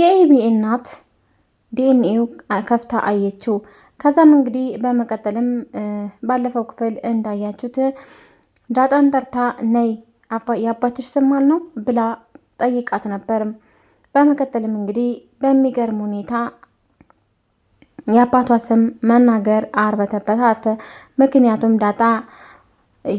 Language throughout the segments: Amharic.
የኤቢ እናት ዲኤንኤው ከፍታ አየችው። ከዛም እንግዲህ በመቀጠልም ባለፈው ክፍል እንዳያችሁት ዳጣን ጠርታ ነይ የአባትሽ ስማል ነው ብላ ጠይቃት ነበርም። በመቀጠልም እንግዲህ በሚገርም ሁኔታ የአባቷ ስም መናገር አርበተበታት። ምክንያቱም ዳጣ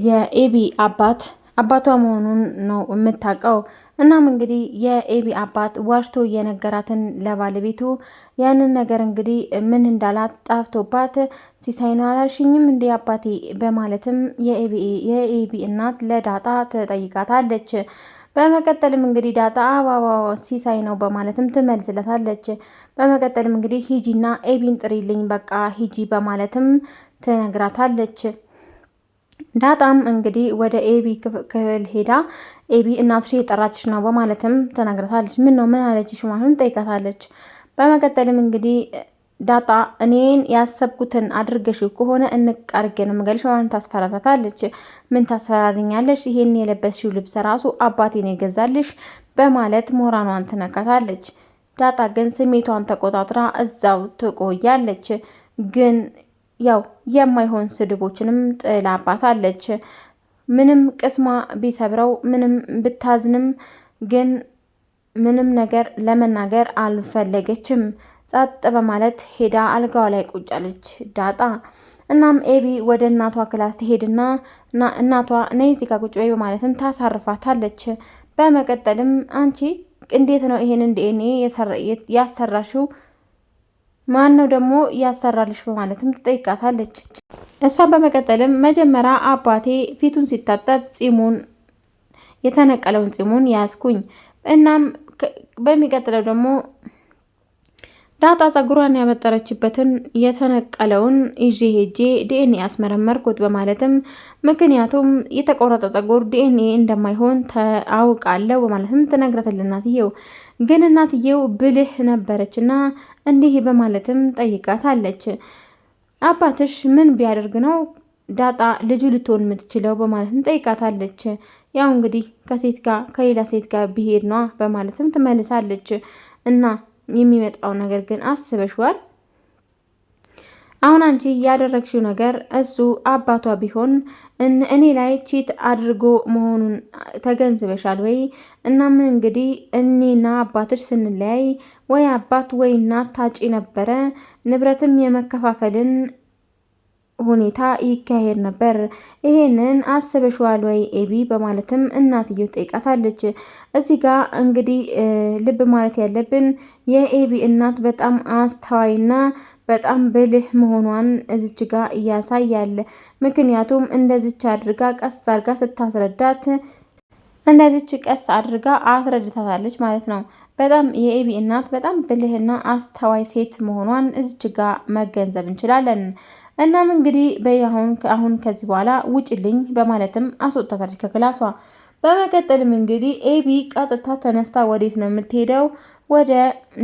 የኤቢ አባት አባቷ መሆኑን ነው የምታውቀው። እናም እንግዲህ የኤቢ አባት ዋሽቶ የነገራትን ለባለቤቱ ያንን ነገር እንግዲህ ምን እንዳላት ጣፍቶባት ሲሳይን አላልሽኝም እንዲ አባቴ በማለትም የኤቢ እናት ለዳጣ ትጠይቃታለች። በመቀጠልም እንግዲህ ዳጣ አባባ ሲሳይ ነው በማለትም ትመልስለታለች። በመቀጠልም እንግዲህ ሂጂና ኤቢን ጥሪልኝ በቃ ሂጂ በማለትም ትነግራታለች። ዳጣም እንግዲህ ወደ ኤቢ ክፍል ሄዳ ኤቢ እናትሽ የጠራችሽ ነው በማለትም ተናግራታለች። ምን ነው ምን አለችሽ ማለትም ጠይቀታለች። በመቀጠልም እንግዲህ ዳጣ እኔን ያሰብኩትን አድርገሽ ከሆነ እንቃርጌ ነው የምገልሽ በማለት ታስፈራራታለች። ምን ታስፈራርኛለሽ? ይሄን የለበስሽው ልብስ ራሱ አባቴን የገዛልሽ በማለት ሞራኗን ትነካታለች። ዳጣ ግን ስሜቷን ተቆጣጥራ እዛው ትቆያለች ግን ያው የማይሆን ስድቦችንም ጥላባታለች። ምንም ቅስሟ ቢሰብረው ምንም ብታዝንም ግን ምንም ነገር ለመናገር አልፈለገችም። ጸጥ በማለት ሄዳ አልጋዋ ላይ ቁጫለች ዳጣ። እናም ኤቢ ወደ እናቷ ክላስ ትሄድና እናቷ ነይ እዚህ ጋር ቁጭ በይ በማለትም ታሳርፋታለች። በመቀጠልም አንቺ እንዴት ነው ይሄን እንዲኤኔ ያሰራሽው ማን ነው ደግሞ ያሰራልሽ በማለትም ትጠይቃታለች። እሷ በመቀጠልም መጀመሪያ አባቴ ፊቱን ሲታጠብ ፂሙን የተነቀለውን ፂሙን ያዝኩኝ እናም በሚቀጥለው ደግሞ ዳጣ ጸጉሯን ያበጠረችበትን የተነቀለውን ይዤ ሄጄ ዲኤንኤ አስመረመርኩት በማለትም ምክንያቱም የተቆረጠ ጸጉር ዲኤንኤ እንደማይሆን አውቃለሁ በማለትም ትነግረታል። እናትየው ግን እናትየው ብልህ ነበረች እና እንዲህ በማለትም ጠይቃታለች። አባትሽ ምን ቢያደርግ ነው ዳጣ ልጁ ልትሆን የምትችለው በማለትም ጠይቃታለች። ያው እንግዲህ ከሴት ጋር ከሌላ ሴት ጋር ብሄድ ነዋ በማለትም ትመልሳለች እና የሚመጣው ነገር ግን አስበሽዋል? አሁን አንቺ ያደረግሽው ነገር እሱ አባቷ ቢሆን እኔ ላይ ቺት አድርጎ መሆኑን ተገንዝበሻል ወይ? እናም እንግዲህ እኔና አባትሽ ስንለያይ ወይ አባት ወይ እናት ታጪ ነበረ። ንብረትም የመከፋፈልን ሁኔታ ይካሄድ ነበር። ይሄንን አስበሽዋል ወይ ኤቢ በማለትም እናትዮ ጠይቃታለች። እዚህ ጋ እንግዲህ ልብ ማለት ያለብን የኤቢ እናት በጣም አስተዋይና በጣም ብልህ መሆኗን እዚች ጋ እያሳያል። ምክንያቱም እንደዚች አድርጋ ቀስ አድርጋ ስታስረዳት እንደዚች ቀስ አድርጋ አስረድታታለች ማለት ነው። በጣም የኤቢ እናት በጣም ብልህና አስተዋይ ሴት መሆኗን እዚች ጋ መገንዘብ እንችላለን። እናም እንግዲህ በይ አሁን ከዚህ በኋላ ውጭልኝ በማለትም አስወጣታለች ከክላሷ። በመቀጠልም እንግዲህ ኤቢ ቀጥታ ተነስታ ወዴት ነው የምትሄደው? ወደ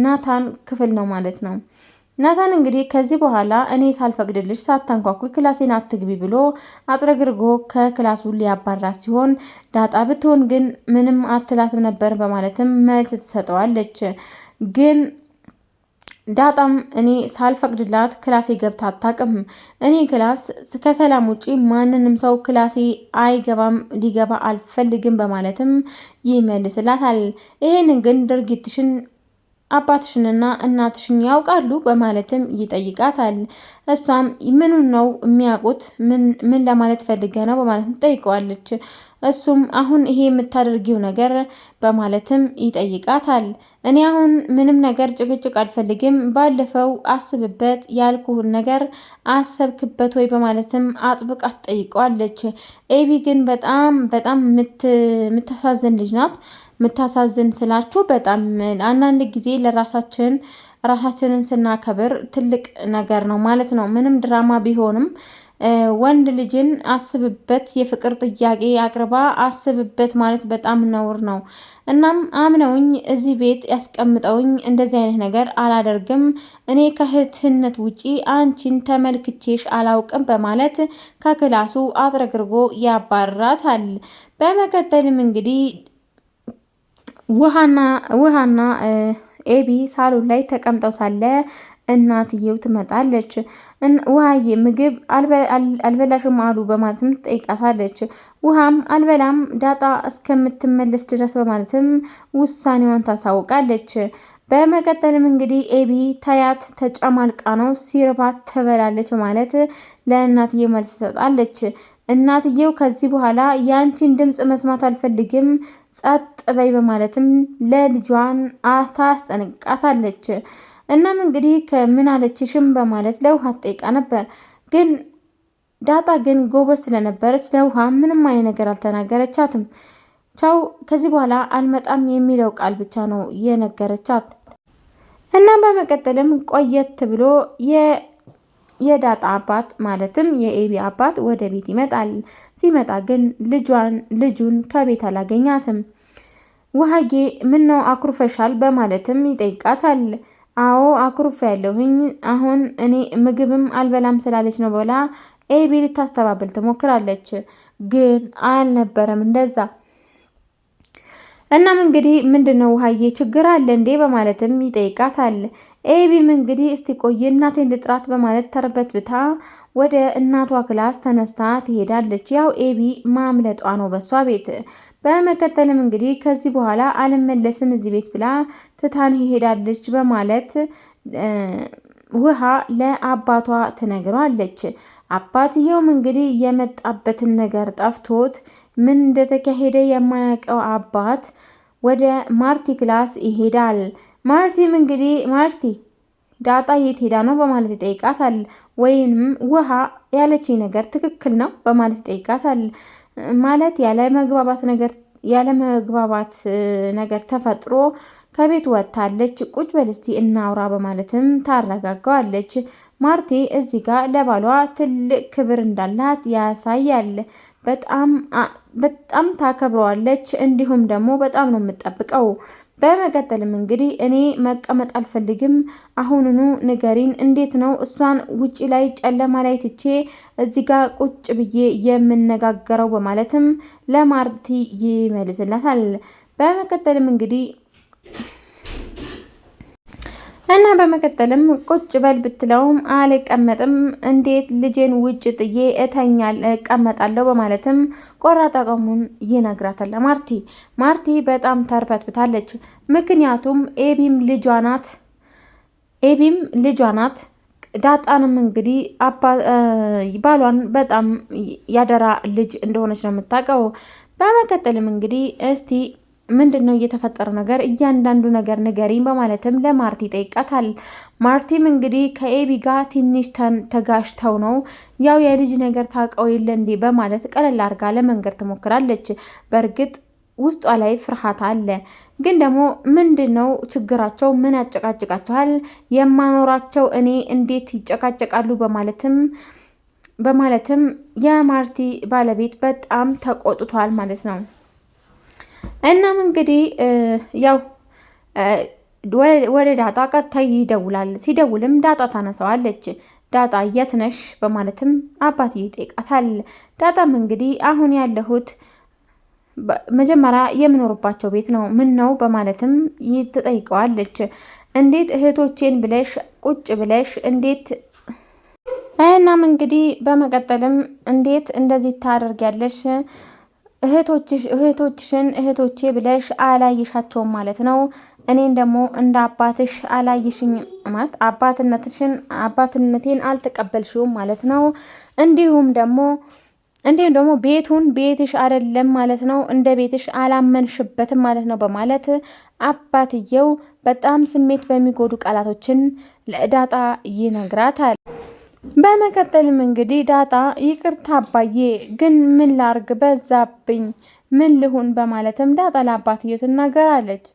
ናታን ክፍል ነው ማለት ነው። ናታን እንግዲህ ከዚህ በኋላ እኔ ሳልፈቅድልሽ ሳታንኳኩ ክላሴን አትግቢ ብሎ አጥረግርጎ ከክላሱ ሊያባራት ሲሆን ዳጣ ብትሆን ግን ምንም አትላትም ነበር በማለትም መልስ ትሰጠዋለች ግን ዳጣም እኔ ሳልፈቅድላት ክላሴ ገብታ አታውቅም። እኔ ክላስ ከሰላም ውጪ ማንንም ሰው ክላሴ አይገባም፣ ሊገባ አልፈልግም በማለትም ይመልስላታል። ይሄንን ግን ድርጊትሽን አባትሽንና እናትሽን ያውቃሉ በማለትም ይጠይቃታል። እሷም ምኑን ነው የሚያውቁት? ምን ለማለት ፈልገ ነው በማለትም ትጠይቀዋለች። እሱም አሁን ይሄ የምታደርጊው ነገር በማለትም ይጠይቃታል። እኔ አሁን ምንም ነገር ጭቅጭቅ አልፈልግም። ባለፈው አስብበት ያልኩህን ነገር አሰብክበት ወይ በማለትም አጥብቃ ትጠይቀዋለች። ኤቢ ግን በጣም በጣም የምታሳዝን ልጅ ናት። የምታሳዝን ስላችሁ በጣም አንዳንድ ጊዜ ለራሳችን ራሳችንን ስናከብር ትልቅ ነገር ነው ማለት ነው ምንም ድራማ ቢሆንም ወንድ ልጅን አስብበት የፍቅር ጥያቄ አቅርባ አስብበት ማለት በጣም ነውር ነው። እናም አምነውኝ እዚህ ቤት ያስቀምጠውኝ እንደዚህ አይነት ነገር አላደርግም፣ እኔ ከእህትነት ውጪ አንቺን ተመልክቼሽ አላውቅም በማለት ከክላሱ አጥረግርጎ ያባርራታል። በመቀጠልም እንግዲህ ውሃና ውሃና ኤቢ ሳሎን ላይ ተቀምጠው ሳለ እናትየው ትመጣለች። ውሃዬ ምግብ አልበላሽም አሉ በማለትም ትጠይቃታለች። ውሃም አልበላም ዳጣ እስከምትመለስ ድረስ በማለትም ውሳኔዋን ታሳውቃለች። በመቀጠልም እንግዲህ ኤቢ ታያት ተጨማልቃ ነው ሲርባት ትበላለች በማለት ለእናትየው መልስ ትሰጣለች። እናትየው ከዚህ በኋላ የአንቺን ድምፅ መስማት አልፈልግም፣ ጸጥ በይ በማለትም ለልጇን ታስጠነቅቃታለች። እናም እንግዲህ ከምን አለችሽም በማለት ለውሃ ትጠይቃ ነበር። ግን ዳጣ ግን ጎበዝ ስለነበረች ለውሃ ምንም አይነት ነገር አልተናገረቻትም። ቻው ከዚህ በኋላ አልመጣም የሚለው ቃል ብቻ ነው የነገረቻት። እና በመቀጠልም ቆየት ብሎ የዳጣ አባት ማለትም የኤቢ አባት ወደ ቤት ይመጣል። ሲመጣ ግን ልጇን ልጁን ከቤት አላገኛትም። ውሃጌ ነው አኩርፈሻል በማለትም ይጠይቃታል። አዎ አኩርፌያለሁኝ። አሁን እኔ ምግብም አልበላም ስላለች ነው ብላ ኤቢ ልታስተባብል ትሞክራለች። ግን አልነበረም እንደዛ። እናም እንግዲህ ምንድን ነው ውሃዬ ችግር አለ እንዴ በማለትም ይጠይቃታል። ኤቢም እንግዲህ እስቲ ቆይ እናቴን ልጥራት በማለት ተርበት ብታ ወደ እናቷ ክላስ ተነስታ ትሄዳለች። ያው ኤቢ ማምለጧ ነው በሷ ቤት። በመቀጠልም እንግዲህ ከዚህ በኋላ አልመለስም እዚህ ቤት ብላ ትታን ሄዳለች በማለት ውሃ ለአባቷ ትነግሯለች። አባትየውም እንግዲህ የመጣበትን ነገር ጠፍቶት ምን እንደተካሄደ የማያውቀው አባት ወደ ማርቲ ክላስ ይሄዳል። ማርቲም እንግዲህ ማርቲ ዳጣ የት ሄዳ ነው በማለት ይጠይቃታል። ወይንም ውሃ ያለችኝ ነገር ትክክል ነው በማለት ይጠይቃታል። ማለት ያለ መግባባት ነገር ያለ መግባባት ነገር ተፈጥሮ ከቤት ወጥታለች። ቁጭ በልስቲ እናውራ በማለትም ታረጋጋዋለች። ማርቲ እዚህ ጋር ለባሏ ትልቅ ክብር እንዳላት ያሳያል። በጣም በጣም ታከብረዋለች። እንዲሁም ደግሞ በጣም ነው የምጠብቀው በመቀጠልም እንግዲህ እኔ መቀመጥ አልፈልግም፣ አሁኑኑ ንገሪን፣ እንዴት ነው እሷን ውጪ ላይ ጨለማ ላይ ትቼ እዚህ ጋር ቁጭ ብዬ የምነጋገረው? በማለትም ለማርቲ ይመልስላታል። በመቀጠልም እንግዲህ እና በመቀጠልም ቁጭ በል ብትለውም አልቀመጥም፣ እንዴት ልጄን ውጭ ጥዬ እተኛል እቀመጣለሁ በማለትም ቆራጥ አቋሙን ይነግራታል። ማርቲ ማርቲ በጣም ተርበትብታለች። ምክንያቱም ኤቢም ልጇ ናት ኤቢም ልጇ ናት። ዳጣንም እንግዲህ ባሏን በጣም ያደራ ልጅ እንደሆነች ነው የምታውቀው። በመቀጠልም እንግዲህ እስቲ ምንድን ነው እየተፈጠረ ነገር እያንዳንዱ ነገር ንገሪኝ በማለትም ለማርቲ ይጠይቃታል። ማርቲም እንግዲህ ከኤቢ ጋር ትንሽ ተጋሽተው ነው ያው የልጅ ነገር ታውቀው የለ እንዴ በማለት ቀለል አድርጋ ለመንገር ትሞክራለች። በእርግጥ ውስጧ ላይ ፍርሃት አለ። ግን ደግሞ ምንድን ነው ችግራቸው? ምን ያጨቃጭቃቸዋል? የማኖራቸው እኔ እንዴት ይጨቃጨቃሉ? በማለትም በማለትም የማርቲ ባለቤት በጣም ተቆጥቷል ማለት ነው። እናም እንግዲህ ያው ወደ ዳጣ ቀጥታ ይደውላል። ሲደውልም ዳጣ ታነሳዋለች። ዳጣ የት ነሽ በማለትም አባትዬ ይጠይቃታል። ዳጣም እንግዲህ አሁን ያለሁት መጀመሪያ የምኖርባቸው ቤት ነው፣ ምን ነው በማለትም ትጠይቀዋለች። እንዴት እህቶቼን ብለሽ ቁጭ ብለሽ እንዴት እናም እንግዲህ በመቀጠልም እንዴት እንደዚህ ታደርጊያለሽ እህቶችሽን እህቶቼ ብለሽ አላየሻቸውም ማለት ነው። እኔን ደግሞ እንደ አባትሽ አላየሽኝ ማለት አባትነትሽን አባትነቴን አልተቀበልሽውም ማለት ነው። እንዲሁም ደግሞ እንዲሁም ደግሞ ቤቱን ቤትሽ አይደለም ማለት ነው፣ እንደ ቤትሽ አላመንሽበትም ማለት ነው በማለት አባትየው በጣም ስሜት በሚጎዱ ቃላቶችን ለእዳጣ ይነግራታል። በመቀጠልም እንግዲህ ዳጣ ይቅርታ አባዬ፣ ግን ምን ላርግ በዛብኝ፣ ምን ልሁን በማለትም ዳጣ ለአባትየው ትናገራለች።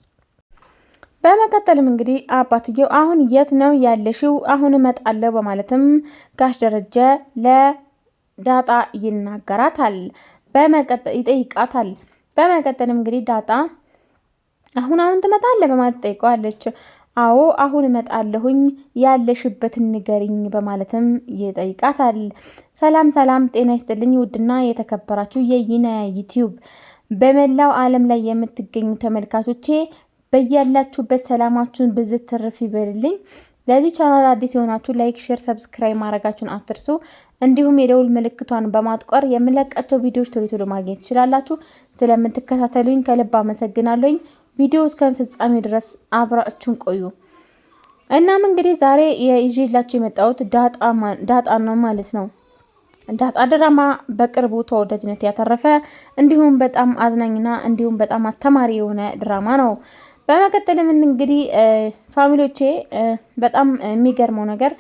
በመቀጠልም እንግዲህ አባትየው አሁን የት ነው ያለሽው? አሁን እመጣለሁ በማለትም ጋሽ ደረጀ ለዳጣ ይናገራታል፣ ይጠይቃታል። በመቀጠልም እንግዲህ ዳጣ አሁን አሁን ትመጣለህ በማለት ጠይቀዋለች። አዎ አሁን እመጣለሁኝ ያለሽበትን ንገሪኝ በማለትም ይጠይቃታል። ሰላም ሰላም፣ ጤና ይስጥልኝ ውድና የተከበራችሁ የይና ዩቲዩብ በመላው ዓለም ላይ የምትገኙ ተመልካቾቼ በያላችሁበት ሰላማችሁን ብዝት ትርፍ ይበልልኝ። ለዚህ ቻናል አዲስ የሆናችሁ ላይክ፣ ሼር፣ ሰብስክራይብ ማድረጋችሁን አትርሱ። እንዲሁም የደውል ምልክቷን በማጥቆር የምለቃቸው ቪዲዮዎች ቶሎ ቶሎ ማግኘት ትችላላችሁ። ስለምትከታተሉኝ ከልብ አመሰግናለሁኝ። ቪዲዮ እስከ ፍጻሜ ድረስ አብራችሁን ቆዩ። እናም እንግዲህ ዛሬ ይዤላችሁ የመጣሁት ዳጣ ነው ማለት ነው። ዳጣ ድራማ በቅርቡ ተወዳጅነት ያተረፈ እንዲሁም በጣም አዝናኝና እንዲሁም በጣም አስተማሪ የሆነ ድራማ ነው። በመቀጠልም እንግዲህ ፋሚሊዎቼ በጣም የሚገርመው ነገር